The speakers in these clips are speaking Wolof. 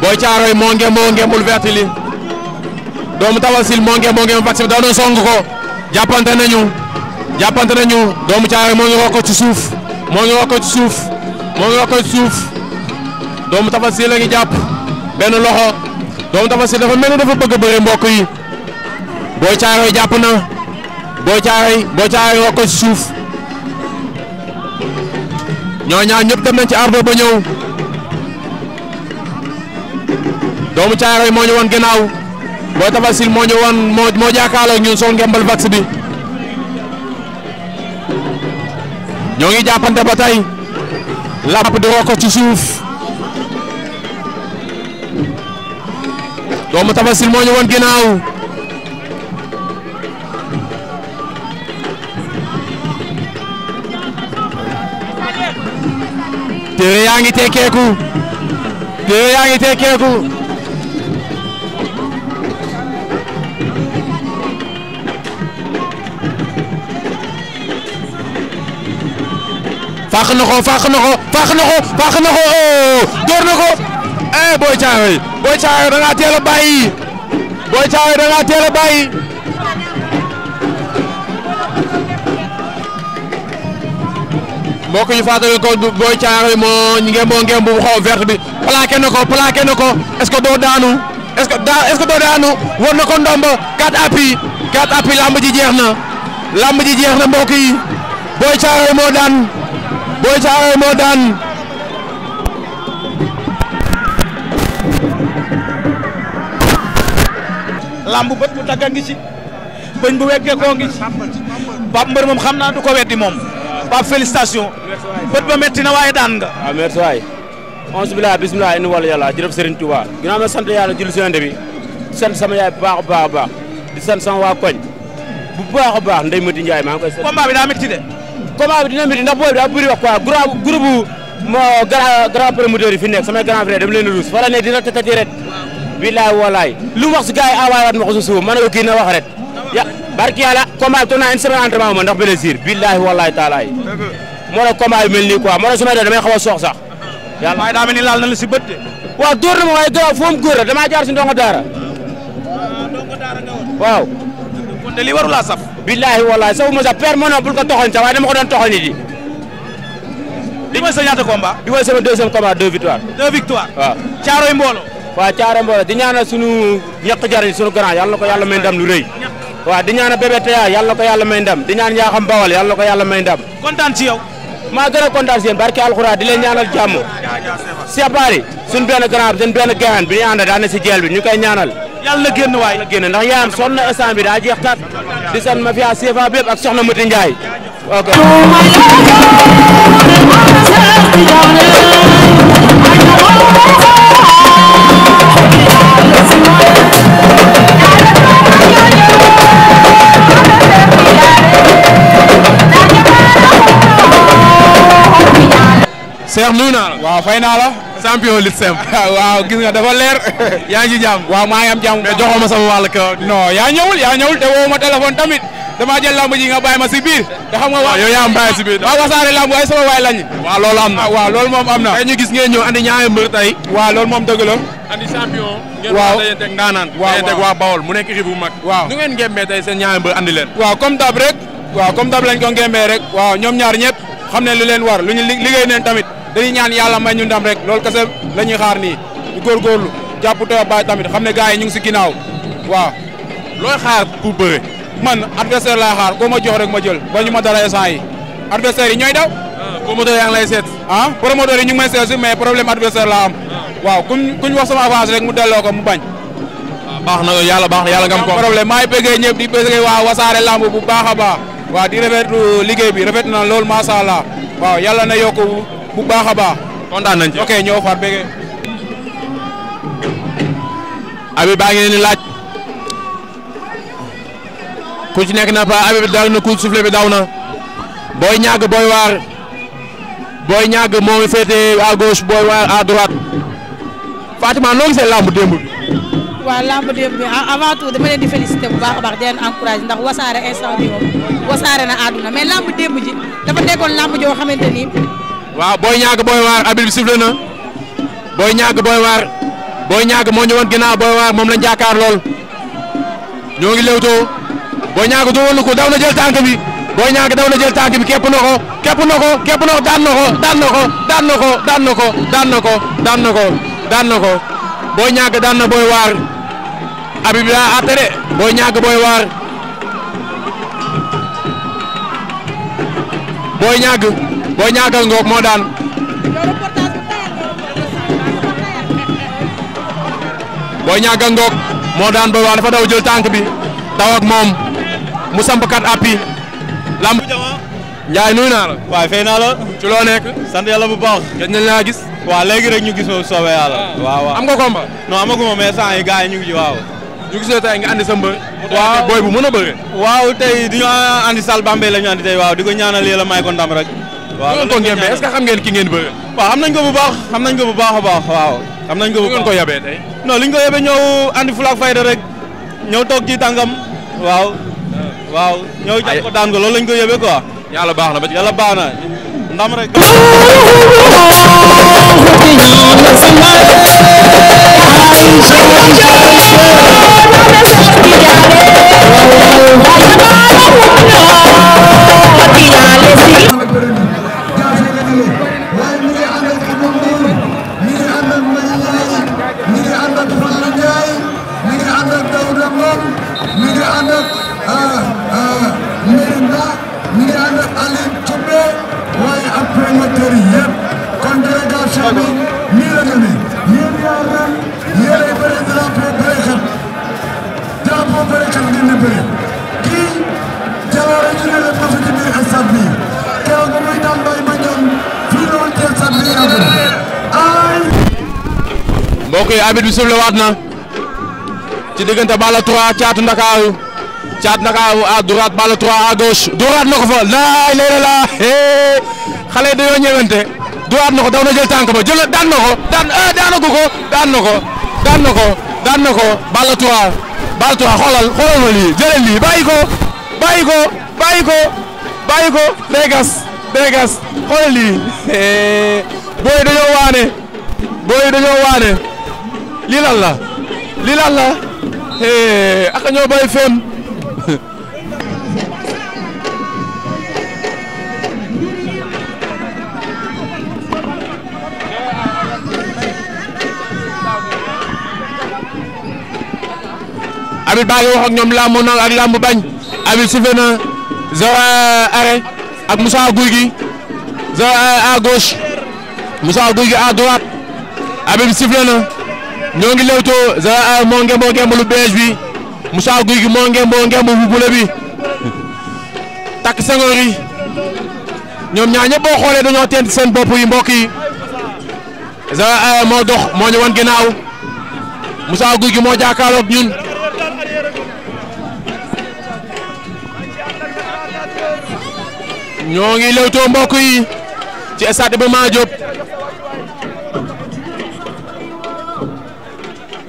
Boy Thiaroye moo ngeem moo ngeemul vert li doomu Tafasil moo ngeem moo ngeem vaccin daw na song ko jàppante nañu jàppante nañu doomu Thiaroye moo ngi wax ko ci suuf moo ngi wax ko ci suuf moo ngi ci suuf doomu Tafasil la ngi jàpp benn loxo doomu Tafasil dafa mel ni dafa bëgg a bëre mbokk yi Boy Thiaroye jàpp na boo Thiaroye boo Thiaroye wax ko ci suuf ñoo ñaar ñëpp dem nañ ci ardo ba doomu Caaroy moo ñu woon ginnaaw Boy Tafasil moo ñu woon moo moo jàkkaarloo ak ñun sol ngembal vax bi ñoo ngi jàppante ba tey làpp di roko ci suuf doomu Tafasil moo ñu woon ginnaaw téere yaa ngi tekkeeku téere yaa ngi tekkeeku faax na ko faax na ko faax na ko faax na ko oh, door na ko eh Boy Thiaroye Boy Thiaroye da ngaa teel a bàyyi mbokk yi fàttali ko Boy Thiaroye moo ñu ngi bu xaw verte bi plaqué na ko plaqué na ko est-ce que daanu est-ce que daanu war na ko ndomba 4 appui 4 appui lamb ji jeex na lamb ji jeex na mbokk yi Boy Thiaroye moo daan. boo Thiaroye moo daan lamb bët bu tagga ngi ci bëñ bu weggee koo ngi ci Mbër moom xam naa du ko weddi moom Pape félicitation bët ba metti na waaye daan nga waaw ah, merci waay onze bilaay bismilaay inu wàllu yàlla jërëf Serigne Touba ginnaaw ma sant yàlla julli seen bi sant sama yaay bu baax a baax a baax di sant sama waa koñ bu baax a baax Ndeye Mati Ndiaye maa ngi koy sant combat bi daa metti de combat bi dina métti ndax booy bi daa bëri wax quoi groupe groupe moo grand grand yi fi nekk samay grand frère dama leen a luus fa la ne dina tëtati ret bilaay walaay lu mu wax a gars yi envoyé waat ma ko si suuf ma ne ko kii na wax ret ya barki yàlla combat bi toog naa une semaine entraînement ma ndax blessure bilaay walaay taalaay moo tax combat bi moo tax su ma dee a soox sax yàlla mel ni laal na la si bët de waaw dóor na ma waaye gaaw foo mu góor la damaa jaar si ndongo daara ah, billaahi wallaahi sax ma sax père moo ne bul ko toxal sax waaye dama ko doon toxal nit li mooy sa ñaata combat. di mooy sama deuxième combat deux victoires. deux victoires waaw. caaroy mbooloo. waaw caaroy mbooloo di ñaanal sunu ñaq jariñ sunu grand yàlla na ko yàlla may ndam lu rëy. waaw di ñaanal bébé Taya yàlla na ko yàlla may ndam di ñaan yaa xam bawal yàlla na ko yàlla may ndam. kontaan ci yow. maa gën a kontaan seen barke alxuraan di ñaanal jàmm Cheikh Bary suñ benn grand suñ benn gayan bi ñu daan na si jeel bi ñu koy ñaanal yàlla na génn waay la génn ndax yaayam sonn na instant bi daa jeex tat di san ma fiya CFA bépp ak soxna Mati Ndiaye Cheikh nuyu naa la. waaw fay naa la. champion lit simple. waaw gis nga dafa leer. yaa ngi ci jàmm. waaw maa ngi am jàmm. mais joxoo ma sama wàll kaw. non yaa ñëwul yaa ñëwul te woo ma téléphone tamit damaa jël lamb ji nga bàyyi ma si biir. te xam nga ah, waaw yow yaa am bàyyi si biir. waaw wasaare lamb ay sama waay lañu. waaw loolu am na ah, waaw loolu moom am na. tey ñu gis ngeen ñëw andi ñaari mbër tey. waaw loolu moom dëgg la. andi champion. ngeen waaw ngeen teg waa Bawol dab rek. waaw comme dab lañ ko ngembee rek. waaw ñoom ñaar dañuy ñaan yàlla may ñu ndam rek loolu kese la ñuy xaar nii di góorgóorlu jàpp te bàyyi tamit xam ne gars yi ñu ngi si ginnaaw waaw. looy xaar pour bëre. man adversaire la xaar koo ma jox rek ma jël ba ñu ma dara instant yi adversaire yi ñooy daw. Ah, promoteur yaa ngi lay seet. ah promoteur yi ñu ngi may seet si mais problème adversaire laa am. Ah. waaw kuñ kuñ wax sama avance rek mu delloo ko mu bañ. Ah, baax na yàlla baax yàlla nga ko problème maay bëggee ñëpp di bëggee waa wasaare lamb bu baax a baax. waaw di rafetlu liggéey bi rafet na lool ma allah waaw yàlla bu baax a baax. kontaan nañ ok ñoo far bëggee. Habib baa ngi laaj. ku ci nekk na pa Habib daal na ku soufflé bi daw na. booy ñàgg booy waar. booy ñàgg moo ngi féete à waar à droite. Fatima noo gisee lamb démb bi. lamb démb avant tout dama leen di félicité bu baax a baax di ndax wasaare instant bi wasaare na àdduna mais lamb démb ji dafa nekkoon lamb joo xamante ni. waaw booy ñaag booy waar arbitre bi sifflé na booy ñaag booy waar booy ñaag moo ñëwoon ginnaaw booy waar moom lañ jaakaar lool ñoo ngi lewtoo booy ñaag doo woon ko daw na jël tànk bi booy ñaag daw na jël tànk bi képp na ko képp na ko képp na daan na ko daan na ko daan na ko daan na ko daan na ko daan na ko daan na ko booy ñaag daan na booy waar arbitre bi daa àtte booy ñaag booy waar booy ñaag. Boy Niang Gass moo daan. Boy Niang Gass moo daan Boy Waar dafa daw jël tànk bi daw moom mu samp kat appui. Lamb Ndiaye nuyu naa la. waaw fay naa la. ci loo nekk. sant yàlla bu baax. gëj nañ laa gis. waa léegi rek ñu gis moom soobee yàlla. Ah. waaw waaw am nga combat. non amaguma mais sant yi gars yi ñu ngi ci waaw. ñu gis ne tey nga andi sa mbër. waaw booy bu mën a bëre. waaw tey di ñu andi Sall Bambey la ñu andi tey waaw di ko ñaanal yàlla may ko rek. waaw lan ko ngeen est ce que xam ngeen ki ngeen bëre. waaw xam nañ ko bu baax xam nañ ko bu baax a baax waaw. xam nañ ko bu baax ko yabee tey. non li ñu ko yabee ñëw andi fulaak fayda rek ñëw toog ci tàngam waaw. waaw ñëw jàpp ko daan ko loolu lañ ko yabee quoi. yàlla baax na ba ci yàlla baax na ndam rek. Tira. champion nii la demee yéen ñaar nag yéen ay bëri drapeau bëreekat drapeau bëreekat di ne la ma fi ci biir stade bi keroog muy daan bay ma ñoom fii la woon ci stade bi yàggul ay bi sëb waat na ci diggante Balla 3 Thiatou Ndakaaru Thiatou Ndakaaru à droite Balla 3 à gauche dooraat na ko fa laay léeg-léeg laa xale yi dañoo ñëwante duwaat na ko daw na jël tànk ba jël daan na ko daan ah daanagu ko daan na ko daan na ko daan ko Balla 3 Balla 3 xoolal xoolal ma lii jëlal lii bàyyi ko bàyyi ko bayi ko bàyyi ko day gas day gas xoolal lii booy dañoo waane booy waane lii lan la lii lan la eh, ak ñoo bay fen arbitre baa ngi wax ak ñoom làmb na ak làmb bañ arbitre sifflé na Zora arrêt ak Moussa Guy gi Zora à gauche Moussa Guy gi à droite arbitre sifflé na ñoo ngi lewtoo Zora arrêt moo ngemboo ngemb lu beige bi Moussa Guy gi moo ngemboo ngemb bu bule takk sengoor yi ñoom ñaar ñëpp boo xoolee dañoo tent seen bopp yi mbokk yi moo dox moo ñu wan ginnaaw Moussa Guy gi moo jàkkaarloog ñun ñoo ngi lewtoo mbokk yi ci stade Iba Mar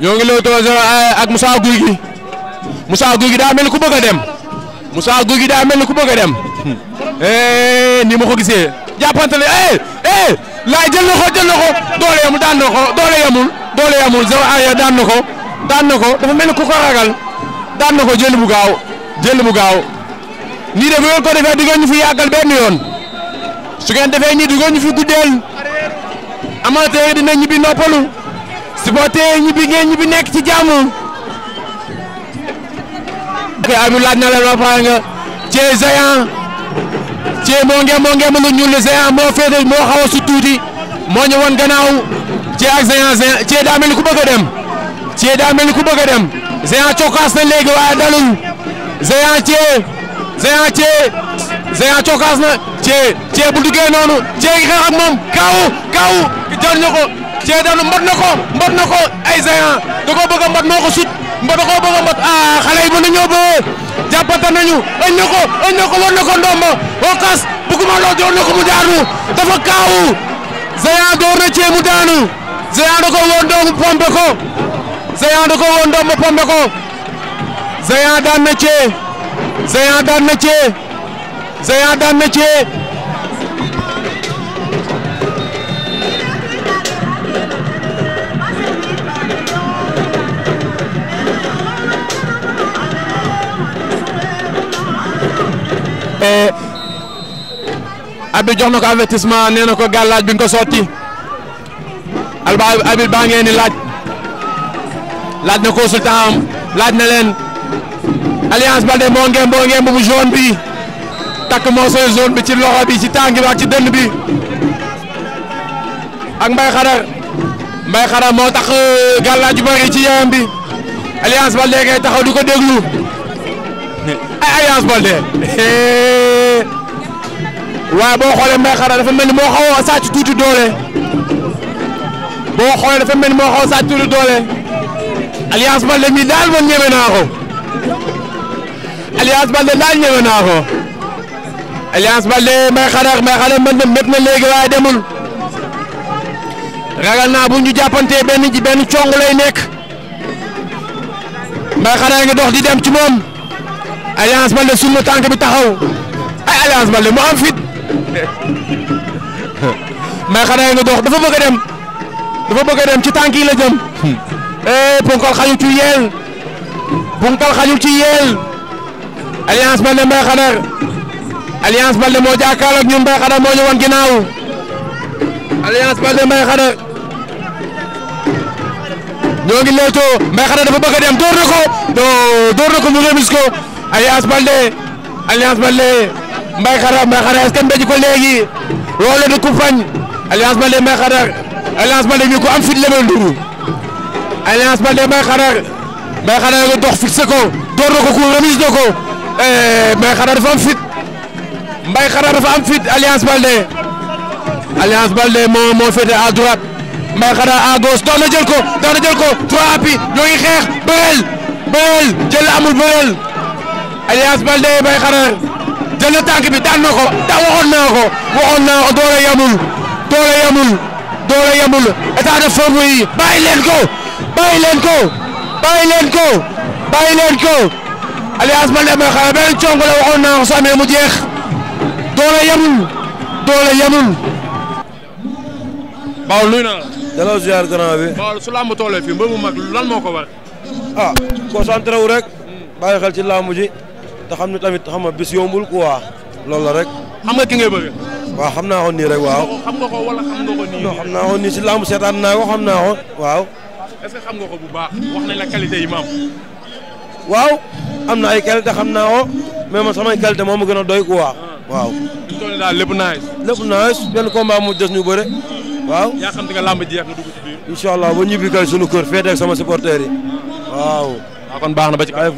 ñoo ngi lewtoo eh, ak Moussa Guy gi Moussa Guy gi daa mel ni ku bëgg a dem Moussa Guy gi daa mel ni ku bëgg a dem eh, ni ma ko gisee jàppante ne eh eh laay jël na ko jël na ko doole yamul daan na ko doole na ko daan dafa mel ni ku ko daan na ko jël bu gaaw jël bu gaaw. nii de bu ngeen ko defee du ngeen ñu fi yàggal benn yoon su ngeen defee nii fi guddeel amateur yi dina ñibbi noppalu supporter yi ñibbi ngeen ñibbi nekk ci jàmm. ok Habib laaj na leen ba pare nga Thié Géant Thié moo ngeem moo ngeem ñuul Géant moo féete moo xaw a tuuti moo ñëwoon gannaaw Thié ak Géant Géant Thié daa mel a dem Thié daa mel ni ku bëgg a dem Géant cokkaas na léegi waaye dalul Géant Thié. Géant Thié Géant cokaas na Thié Thié bu duggee noonu Thié ngi xeex kaawu kaawu jël na ko daanu mbot na mbot na ay Géant da a mbot moo ko sut mbot mbot ah xale yi mën nañoo ba jàppante nañu ëñ na ko kaawu Géant door na Thié mu daanu Géant da ko woon doomu pompe ko Géant daan na Thié Géant daan na Thié Géant daan eh, jox na ko avertissement nee na ko gàllaaj bi nga ko sotti alba Abib baa ngeen ni laaj laaj na consultant am laaj na leen. Alliance Baldé moo ngeen moo ngeen bu jaune bi takk morceau jaune bi ci loxo bi ci tànk bi ak ci dënn bi ak Mbaye Khadar Mbaye Khadar moo tax euh, gàllaaj ju bari ci yaram bi Alliance Baldé ngay taxaw du ko déglu ay Alliance Baldé waaye boo xoolee Mbaye Khadar dafa mel ni moo xaw a tuuti doole boo xoolee dafa mel ni moo xaw a sàcc tuuti doole Alliance Baldé mi daal man ñeme naa ko. Alliance Baldé daal ñëwee naa ko Alliance Baldé na mépp waaye demul ragal naa bu ñu jàppantee benn ji benn cong lay nekk may xanax ngi dox di dem ci moom Alliance Baldé suñu tànk bi taxaw ay Alliance Baldé mu am fit may dox dafa bëgg dem dafa bëgg dem ci tànk yi la jëm. Hmm. eh ponkal ci yeel ponkal xajul ci yeel. Alliance Baldé Mbaye Khadar Alliance Baldé moo jàkkaarloog ñun Mbaye Khadar moo ñu wan ginnaaw Alliance Baldé Mbaye Khadar ñoo ngi leetoo Mbaye Khadar dafa bëgg a door na ko door na ko mu remis ko Alliance Baldé Alliance Baldé Mbaye Khadar Mbaye Khadar est-ce que ko am fit lebel nduru Alliance Baldé Mbaye Khadar Mbaye Khadar nga dox fixé ko door na ko ku remis na ko Eh, Mbaye Xadar dafa am fit Mbaye Xadar dafa am fit Alliance Baldé moo moo féete à droite Mbaye Xadar jël ko doon jël ko trois appuis ñoo ngi xeex bëreel bëreel jël amul bëreel Alliance Baldé Mbaye Xadar jël na bi daan na ko da waxoon naa ko waxoon naa ko yamul doole yamul doole yamul état leen ko bàyyi leen ko bàyyi leen ko bàyyi leen ko. Alliance Baldé mooy xale benn congo la waxoon naa ko su jeex doole yamul doole yamul. Baol nuyu na ko war. Ah, wu rek. bàyyi xel ci làmb ji. te xam ne tamit xam ma bis yombul quoi. loolu la rek. xam ki ngay xam naa ko niirek rek waaw. xam nga ko wala xam nga ko nii. naa ko nii bu baax. wax waaw. am na ay qualité xam na ko mais man samay qualité moom mu gën a doy ku waaw waaw. li mu toll daal lépp nice. lépp benn combat mu des ñu bëre waaw. yaa xam te nga làmb ji ak nga dugg allah ba ñuy kay sunu kër féete ak sama supporters yi waaw. waaw ah, kon baax na ba ci kër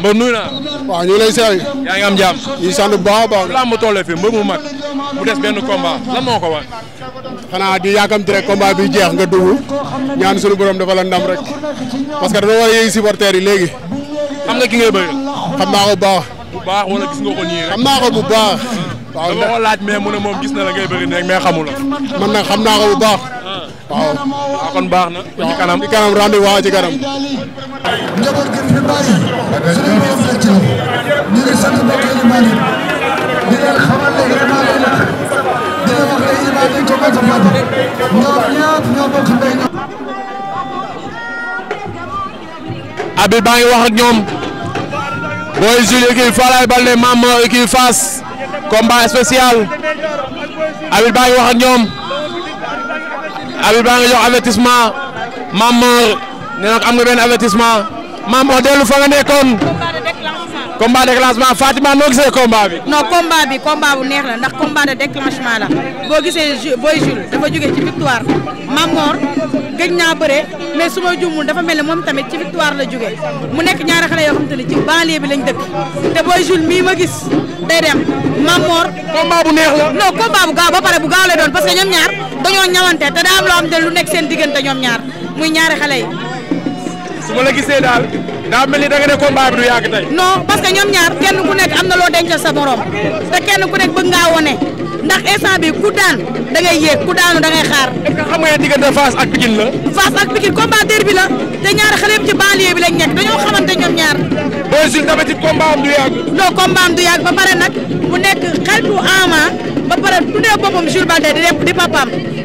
mbër nuyu naa. waa ñu la seey. yaa ngi am jàmm. ñu sant bu baax a baax. fii mbër mu mag mu des benn combat lan moo ko war. xanaa di yàkkamti rek combat bi jeex nga dugg ñaan sunu borom dafa la rek parce que dañoo war a yëngu supporters yi léegi. xam nga ki ngay bëri. xam naa ko bu baax. bu baax wala gis nga ko nii rek. naa ko bu baax. waaw dama ko mu ne moom gis na la ngay bëri rek mais xamul la. man nag xam naa ko bu baax. waaw. Ah. Ah. Ah, baax na. ci kanam ci kanam rendez kanam. Habib baa ngi wax ak ñoom Boy Jules écurie Falaye Baldé Mame Mor écurie Fass combat spécial Habib baa ngi wax ak ñoom Habib baa ngi jox avertissement Mame Mor nee na am nga benn avertissement Mame Mor dellu fa combat de déclenchement Fatima noo gisee combat bi. non combat bi combat bu neex la ndax combat de déclenchement la boo gisee ju booy Jules dafa jógee ci victoire Mamor gëj naa bëre mais su ma juumul dafa mel ne moom tamit ci victoire la jógee mu nekk ñaari xale yoo xam te ci banlieue bi lañ dëkk te booy Jules mii ma gis day dem Mamor. combat bu neex la. non combat bu gaaw ba pare bu gaaw la doon parce que ñoom ñaar dañoo ñawante te daa am loo xam te lu nekk seen diggante ñaar muy ñaari ma la gisee daal. daa mel ni da nga ne du yàgg tey. non parce que ñoom ñaar kenn ku am na loo dencal sa morom te kenn ku nekk bëgg ngaa wone ndax instant bi ku daan da yéeg ku daanu da ngay xaar. est-ce que xam nga ak Pikine la. Fass ak Pikine combat derby la te ñaari xale yëpp ci banlieue bi lañ nekk dañoo xamante ñoom ñaar. Boy Jules tamit ci combat am du yàgg. non combat am du yàgg ba pare nag mu nekk xeltu ama ba pare tuddee boppam Jules Baldé di papaam.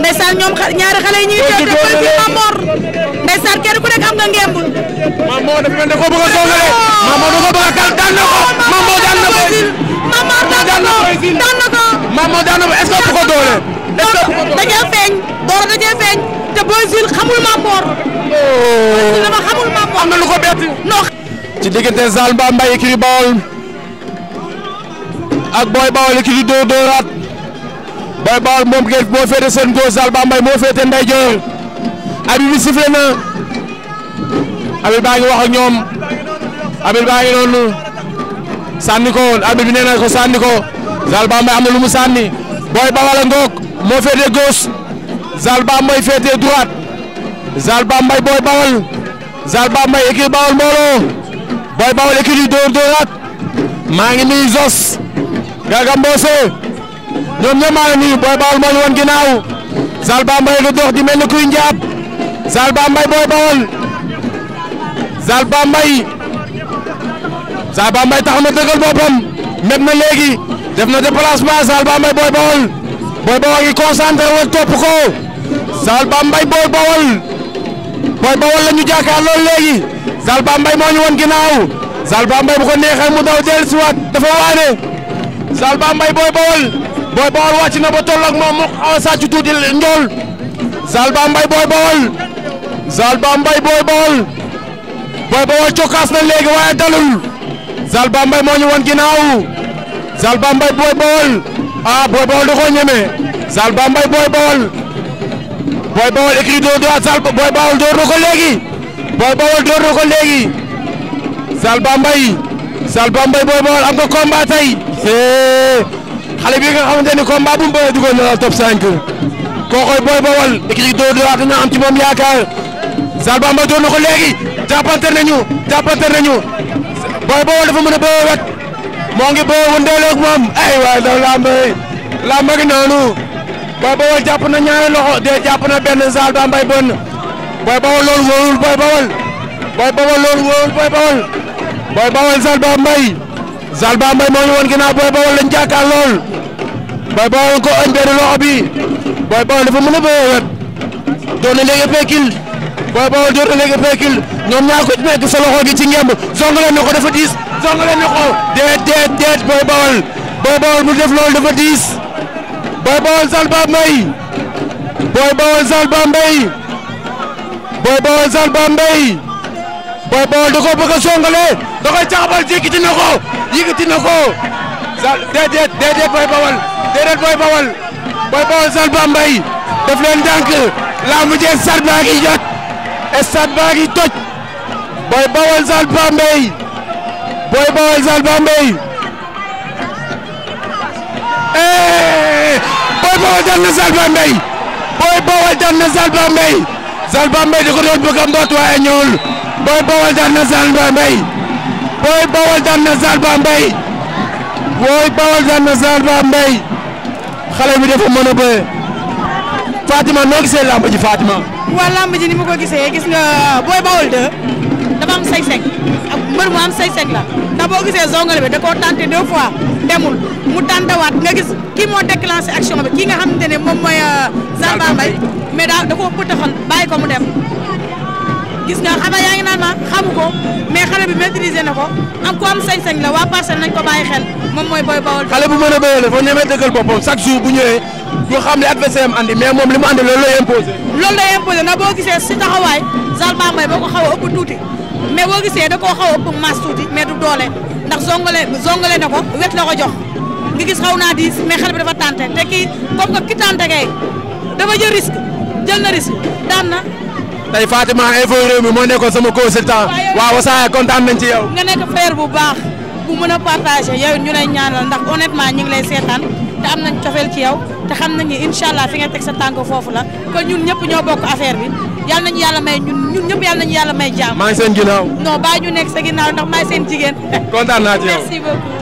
ndeysaan ñoom ñaari xale yi ñu ngi jël par ci Mamor ndeysaan kenn am nga ngemb Mamor dafa mel ne ko bëgg a songale Mamor da ko bëgg a kal daan na ko Mamor daan na ko Mamor ko daan na feeñ boor dañoo feeñ te Boy Jules xamul Mamor dama xamul Mamor am na lu ko bett non ci diggante Zalba Mbaye kiri Bawol ak Boy Bawol kiri dóor dóoraat Boy Baol moom ngeen moo féete seen góos daal Bambey moo féete ndeyjoor abi bi sifflé na abi baa ngi wax ñoom abi baa ngi noonu sànni ko abi bi ko sànni ko Zal Bambey am na lu mu sànni Boy moo féete gauche Zal Bambey féete droite Zal Bambey Boy Baol Zal Bambey équipe Baol mbooloo Boy Baol équipe yi dóor dóoraat maa ngi nuyu Zos Gaga ñoom ñoo maa ngi nuyu Boy Baol moo ñu Zal Bambey nga dox di mel ni kuy Zal Bambey Boy Baol Zal Bambey Zal Bambey tax na boppam meb na léegi def na déplacement Zal Zal Bambey Boy Baol Boy Baol la ñu jàkkaar lool léegi Zal Bambey moo ñu woon ginnaaw Zal Bambey bu ko neexee mu daw dellusiwaat dafa waane Zal Bambey Boy Baol. Boy Baol wàcc na ba toll ak moom mu njool Zal Bambey Boy Baol Zal Bambey Boy Baol cokkaas na léegi waaye dalul Zal Bambey moo ñu wan ginnaaw Zal Bambey Boy Baol ah Boy Baol da koo Zal Bambey Boy Baol Boy Baol doo doo Zal Boy Baol door na ko léegi Boy Baol door na ko léegi Zal Bambey Zal Bambey Boy Baol am nga combat tey. xale bi nga xamante ni combat bu mu bëree duggoon na top 5 kookoy Boy Bawol écrit doo doo dina am ci moom yaakaar Zal Bamba doon na ko léegi jàppante nañu jàppante nañu Boy Bawol dafa mën a bëree wet moo ngi bëree wëndeeloo ak moom ay waay daw làmb làmb gi noonu Boy Bawol jàpp na ñaari loxo de jàpp na benn Zal Bamba bon Boy Bawol loolu wóorul Boy Bawol Boy Bawol loolu wóorul Boy Bawol Boy Bawol Zal Bamba Zalba Mbaye moo ñu woon ginnaaw Boy Baol lañ lool Boy Baol ko añ benn loxo bi Boy Baol dafa mën a bëre wet doon na léegi peekil Boy Baol doon na léegi peekil ñoom ko nekk sa loxo gi ci ngemb zongale na ko deet deet deet Boy Baol Boy Baol mu def loolu dafa diis Boy Baol Zalba Mbaye Boy Baol Zalba Mbaye Boy Baol da koo bëgg a songale da koy ko yëkkati ko sal déedéet déedéet Boy Baol déedéet Boy Baol Boy Baol Zal leen dànk laa mujjee stade baa ngi toj Boy Baol Zal Bambey Boy Baol Zal Bambey eh, Boy Baol daan na Zal Bambey Boy Baol daan na Zal Bambey Zal Bambey Boy Bawol daan na Zal Bambey Boy Bawol daan na Zal Bambey Boy xale bi dafa mën a bëre Fatima noo gisee lamb Fatima. waaw mu gis nga Boy Bawol 2 dafa am say-say la ndax boo gisee zongale bi da koo tenté deux fois demul mu tantawaat nga gis kii moo déclenché action bi ki nga xamante ne moom mooy euh, Zal Bambey mais daa da koo pëtaxal bàyyi ko mu dem. gis nga ko mais xale bi maîtriser na ko am ku am sañ la waa parcelle nañ ko bàyyi xel moom mooy Boy a béyoon dafa ñemee dëggal am andi mais moom li mu ko xaw a ëpp tuuti mais boo gisee da koo xaw a ëpp masse tuuti mais du doole ndax zongale zongale na ko wet la ko jox nga gis xaw naa diis mais xale bi dafa tànte te kii comme que ki tànte kay dafa jël risque jël na risque daan tey Fatima info réew mi moo nekkoon sama consultant waaw Wassare kontaan nañ ci yow. nga nekk frère bu baax bu mën a partager yow ñu lay ñaanal ndax honnêtement ñu ngi lay seetaan te am nañ cofeel ci yow te xam nañ ni allah fi nga teg sa tànk foofu la kon ñun ñëpp ñoo bokk affaire bi yal nañu yàlla may ñun ñun ñëpp yal nañu yàlla may jàmm. maa ngi seen ginnaaw. non baa ñu nekk sa ginnaaw ndax maa ngi seen jigéen. kontaan naa ci yow